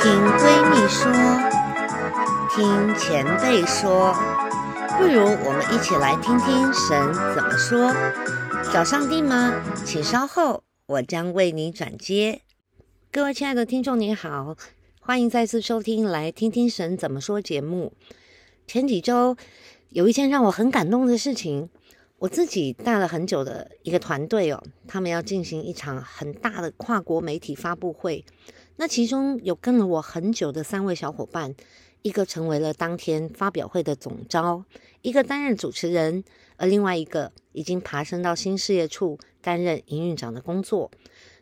聽閨蜜說，聽前輩說，不如我們一起來聽聽神怎麼說。找上帝嗎？請稍後，我將為你轉接。各位親愛的聽眾，你好，歡迎再次收聽《來聽聽神怎麼說》節目。前幾周，有一件讓我很感動的事情，我自己帶了很久的一個團隊哦，他們要進行一場很大的跨國媒體發布會。那其中有跟了我很久的三位小伙伴，一個成為了當天發表會的總召，一個擔任主持人，而另外一個已經爬升到新事業處擔任營運長的工作。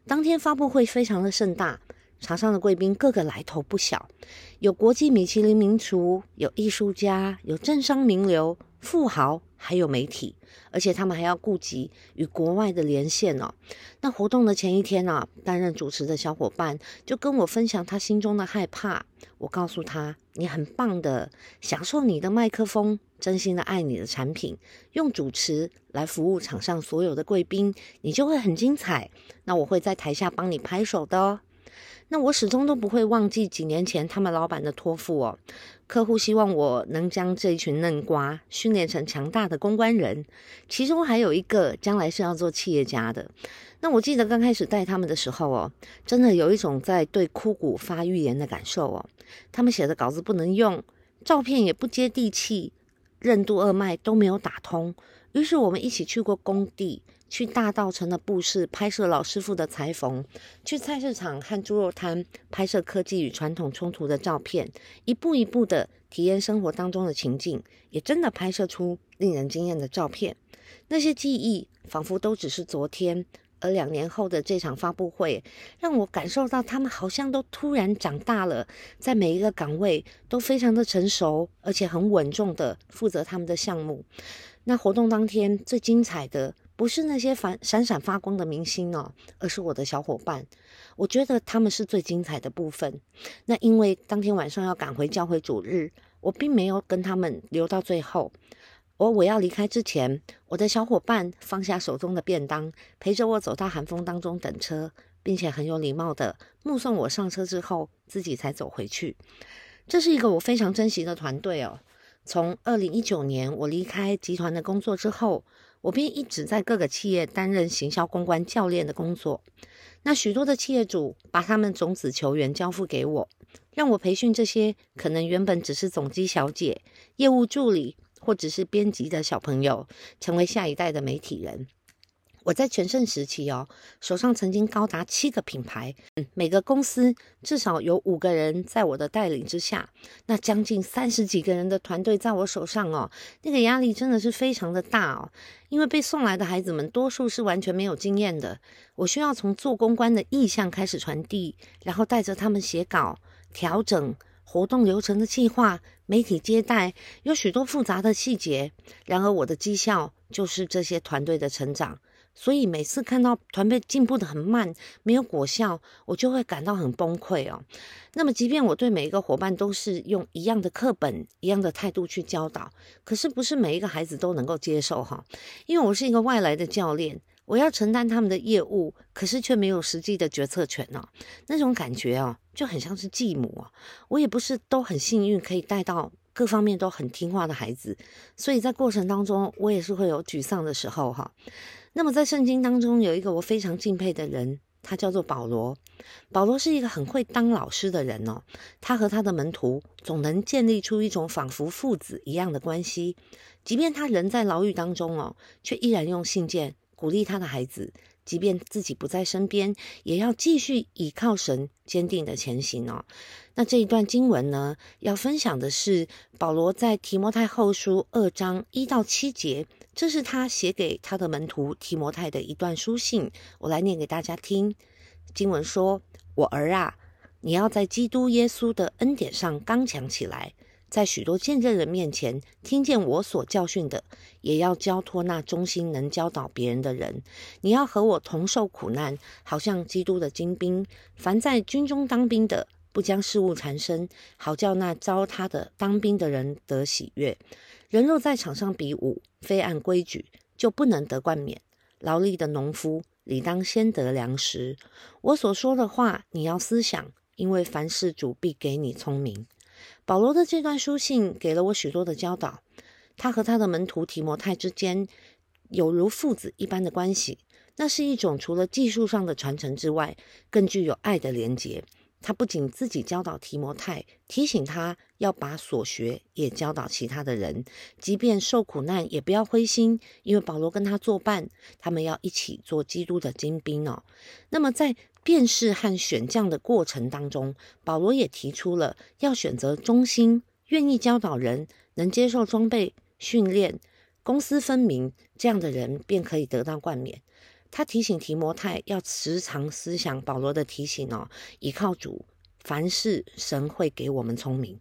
當天發布會非常的盛大，場上的貴賓個個來頭不小，有國際米其林名廚，有藝術家，有政商名流，富豪。還有媒體，而且他們還要顧及與國外的連線哦。那活動的前一天啊，擔任主持的小夥伴就跟我分享他心中的害怕。我告訴他：“你很棒的，享受你的麥克風，真心的愛你的產品，用主持來服務場上所有的貴賓，你就會很精彩。”那我會在台下幫你拍手的哦。那我始終都不會忘記幾年前他們老闆的托付哦，客戶希望我能將這一群嫩瓜訓練成強大的公關人，其中還有一個將來是要做企業家的。那我記得剛開始帶他們的時候哦，真的有一種在對枯骨發預言的感受哦，他們寫的稿子不能用，照片也不接地氣，任督二脈都沒有打通。於是我們一起去過工地。去大稻埕的布市拍攝老師傅的裁縫，去菜市場和豬肉攤拍攝科技與傳統衝突的照片，一步一步的體驗生活當中的情境，也真的拍攝出令人驚豔的照片。那些記憶仿佛都只是昨天，而兩年後的這場發布會，讓我感受到他們好像都突然長大了，在每一個崗位都非常的成熟，而且很穩重的負責他們的項目。那活動當天最精彩的。不是那些閃閃發光的明星哦，而是我的小夥伴。我覺得他們是最精彩的部分。那因為當天晚上要趕回教會主日，我並沒有跟他們留到最後。而我，我要離開之前，我的小夥伴放下手中的便當，陪着我走到寒風當中等車，並且很有禮貌地目送我上車之後，自己才走回去。這是一個我非常珍惜的團隊哦。從二零一九年我離開集團的工作之後。我便一直在各個企業擔任行銷公關教練的工作。那許多的企業主把他們種子球員交付給我，讓我培訓這些可能原本只是總機小姐、業務助理或者是編輯的小朋友，成為下一代的媒體人。我在全盛時期哦，手上曾經高達七個品牌，嗯，每個公司至少有五個人在我的帶領之下，那將近三十幾個人的團隊在我手上哦，那個壓力真的是非常的大哦，因為被送來的孩子們多數是完全沒有經驗的，我需要從做公關的意向開始傳遞，然後帶着他們寫稿、調整活動流程的計劃、媒體接待，有許多複雜的細節。然而我的績效就是這些團隊的成長。所以每次看到團隊進步得很慢，沒有果效，我就會感到很崩潰哦。那麼，即便我對每一個夥伴都是用一樣的課本、一樣的態度去教導，可是不是每一個孩子都能夠接受哈、啊。因為我是一個外來的教練，我要承擔他們的業務，可是卻沒有實際的決策權哦、啊，那種感覺哦、啊，就很像是繼母、啊。我也不是都很幸運，可以帶到各方面都很聽話的孩子。所以在過程當中，我也是會有沮喪的時候哈、啊。那麼，在聖經當中有一個我非常敬佩的人，他叫做保羅。保羅是一個很會當老師的人哦。他和他的門徒總能建立出一種仿佛父子一樣的關係。即便他人在牢獄當中哦，卻依然用信件鼓勵他的孩子。即便自己不在身邊，也要繼續依靠神，堅定的前行哦。那這一段經文呢，要分享的是保羅在提摩太後書二章一到七節。這是他寫給他的門徒提摩太的一段書信，我來念給大家聽。經文說：“我兒啊，你要在基督耶穌的恩典上剛強起來，在許多見證人面前聽見我所教訓的，也要交托那忠心能教導別人的人。你要和我同受苦難，好像基督的精兵。凡在軍中當兵的，不將世務纏身，好叫那招他的當兵的人得喜悅。”人若在場上比武，非按規矩就不能得冠冕。勞力的農夫理當先得糧食。我所說的話，你要思想，因為凡事主必給你聰明。保羅的這段書信給了我許多的教導，他和他的門徒提摩太之間有如父子一般的關係，那是一種除了技術上的傳承之外，更具有愛的連結。他不僅自己教導提摩太，提醒他要把所學也教導其他的人，即便受苦難也不要灰心，因為保羅跟他作伴，他們要一起做基督的精兵哦。那麼在辨識和選將的過程當中，保羅也提出了要選擇忠心、願意教導人、能接受裝備訓練、公私分明這樣的人，便可以得到冠冕。他提醒提摩太要時常思想保羅的提醒哦，倚靠主，凡事神會給我們聰明。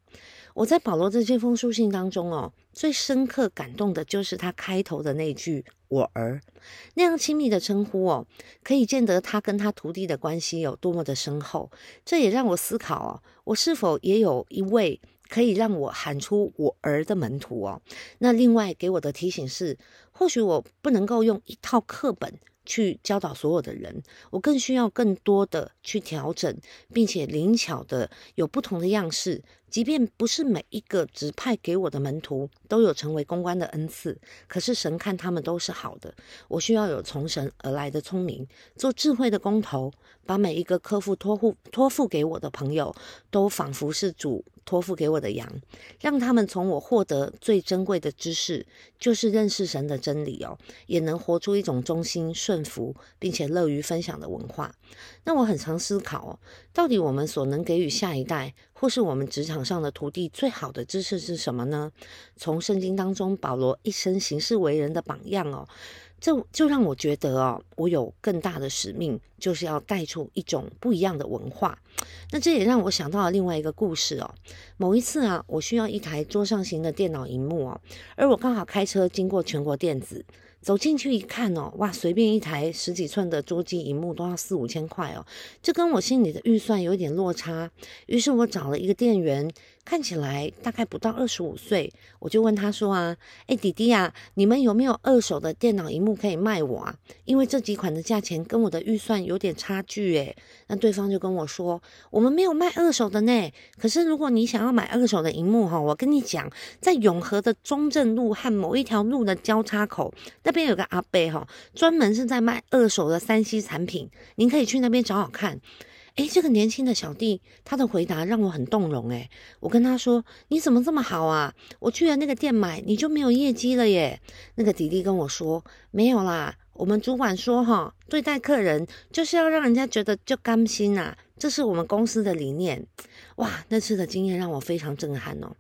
我在保羅的這封書信當中哦，最深刻感動的就是他開頭的那句“我兒”，那樣親密的稱呼哦，可以見得他跟他徒弟的關係有多麼的深厚。這也讓我思考哦，我是否也有一位可以讓我喊出“我兒”的門徒哦？那另外給我的提醒是，或許我不能夠用一套課本。去教導所有的人，我更需要更多的去調整，並且靈巧的有不同的樣式。即便不是每一個指派給我的門徒都有成為公關的恩賜，可是神看他們都是好的。我需要有從神而來的聰明，做智慧的工頭，把每一個客戶托付托付給我的朋友，都仿佛是主。託付給我的羊，讓他們從我獲得最珍貴的知識，就是認識神的真理哦，也能活出一種忠心順服，並且樂於分享的文化。那我很常思考哦，到底我們所能給予下一代，或是我們職場上的徒弟最好的知識是什麼呢？從聖經當中，保羅一生行事為人的榜樣哦。這就讓我覺得哦，我有更大的使命，就是要帶出一種不一樣的文化。那這也讓我想到了另外一個故事哦。某一次啊，我需要一台桌上型的電腦螢幕哦，而我剛好開車經過全國電子，走進去一看哦，哇，隨便一台十幾寸的桌機螢幕都要四五千塊哦，這跟我心裡的預算有一點落差，於是我找了一個店員。看起來大概不到二十五歲，我就問他說啊，誒、欸、弟弟啊，你們有沒有二手的電腦螢幕可以賣我啊？因為這幾款的價錢跟我的預算有點差距誒、欸、那對方就跟我說，我們沒有賣二手的呢。可是如果你想要買二手的螢幕，我跟你講，在永和的中正路和某一條路的交叉口，那邊有個阿伯齁，專門是在賣二手的三 C 產品，您可以去那邊找找看。誒，這個年輕的小弟，他的回答讓我很動容誒。誒我跟他說：“你怎麼這麼好啊？我去了那個店買，你就沒有業績了耶。”那個弟弟跟我說：“沒有啦，我們主管說哈，對待客人就是要讓人家覺得就甘心啊。”這是我們公司的理念，哇！那次的經驗讓我非常震撼哦。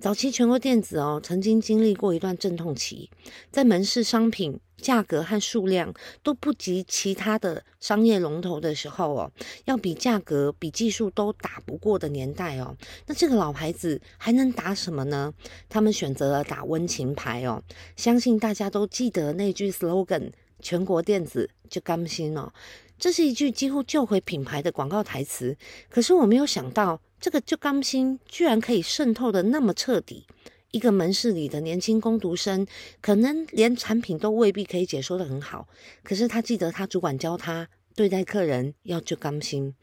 早期全國電子哦，曾經經歷過一段陣痛期，在門市商品價格和數量都不及其他的商業龍頭的時候哦，要比價格比技術都打不過的年代哦，那這個老牌子還能打什麼呢？他們選擇了打溫情牌哦，相信大家都記得那句 slogan：全國電子就甘心哦。這是一句幾乎救回品牌的廣告台詞，可是我沒有想到，這個就甘心居然可以滲透得那麼徹底。一個門市裡的年輕工讀生，可能連產品都未必可以解說得很好，可是他記得他主管教他。對待客人要就甘心，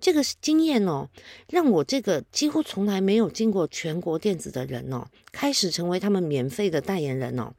這個經驗哦，讓我這個幾乎從來沒有進過全國電子的人哦，開始成為他們免費的代言人哦。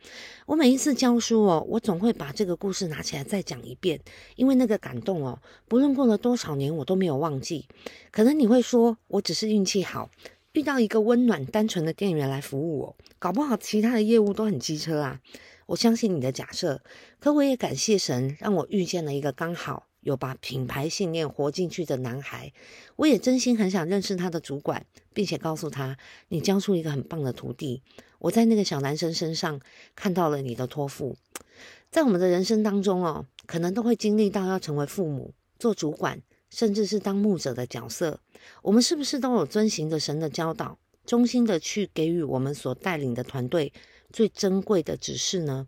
我每一次教書哦，我總會把這個故事拿起來再講一遍，因為那個感動哦，不論過了多少年，我都沒有忘記。可能你會說我只是運氣好，遇到一個溫暖單純的店員來服務我，搞不好其他的業務都很機車啊。我相信你的假設，可我也感謝神讓我遇見了一個剛好。有把品牌信念活進去的男孩，我也真心很想認識他的主管，並且告訴他：你教出一個很棒的徒弟。我在那個小男生身上看到了你的托付。在我們的人生當中哦，可能都會經歷到要成為父母、做主管，甚至是當牧者的角色。我們是不是都有遵循着神的教導，忠心的去給予我們所帶領的團隊？最珍貴的指示呢？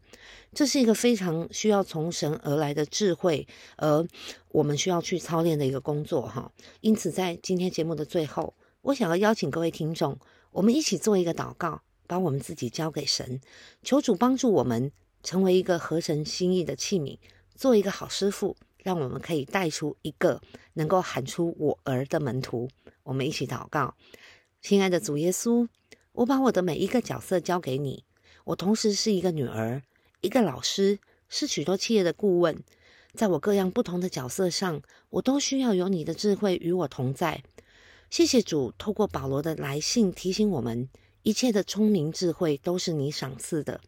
這是一個非常需要從神而來的智慧，而我們需要去操練的一個工作哈。因此，在今天節目的最後，我想要邀請各位聽眾，我們一起做一個禱告，把我們自己交給神，求主幫助我們成為一個合神心意的器皿，做一個好師父，讓我們可以帶出一個能夠喊出“我兒”的門徒。我們一起禱告，親愛的主耶穌，我把我的每一個角色交給你。我同時是一個女兒，一個老師，是許多企業的顧問。在我各樣不同的角色上，我都需要有你的智慧與我同在。謝謝主，透過保羅的來信提醒我們，一切的聰明智慧都是你賞賜的，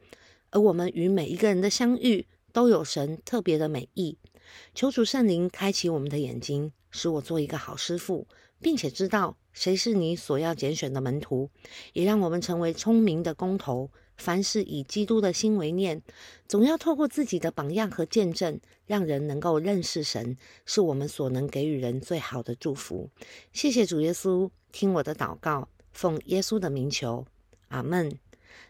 而我們與每一個人的相遇都有神特別的美意。求主聖靈開啟我們的眼睛，使我做一個好師父，並且知道誰是你所要揀選的門徒，也讓我們成為聰明的工頭。凡事以基督的心為念，總要透過自己的榜樣和見證，讓人能夠認識神，是我們所能給予人最好的祝福。謝謝主耶穌，聽我的禱告，奉耶穌的名求，阿門。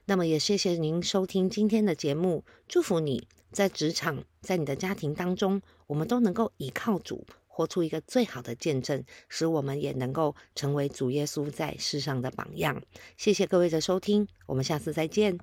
那麼也謝謝您收聽今天的節目，祝福你在職場，在你的家庭當中，我們都能夠倚靠主。活出一個最好的見證，使我們也能夠成為主耶穌在世上的榜樣。謝謝各位的收聽，我們下次再見。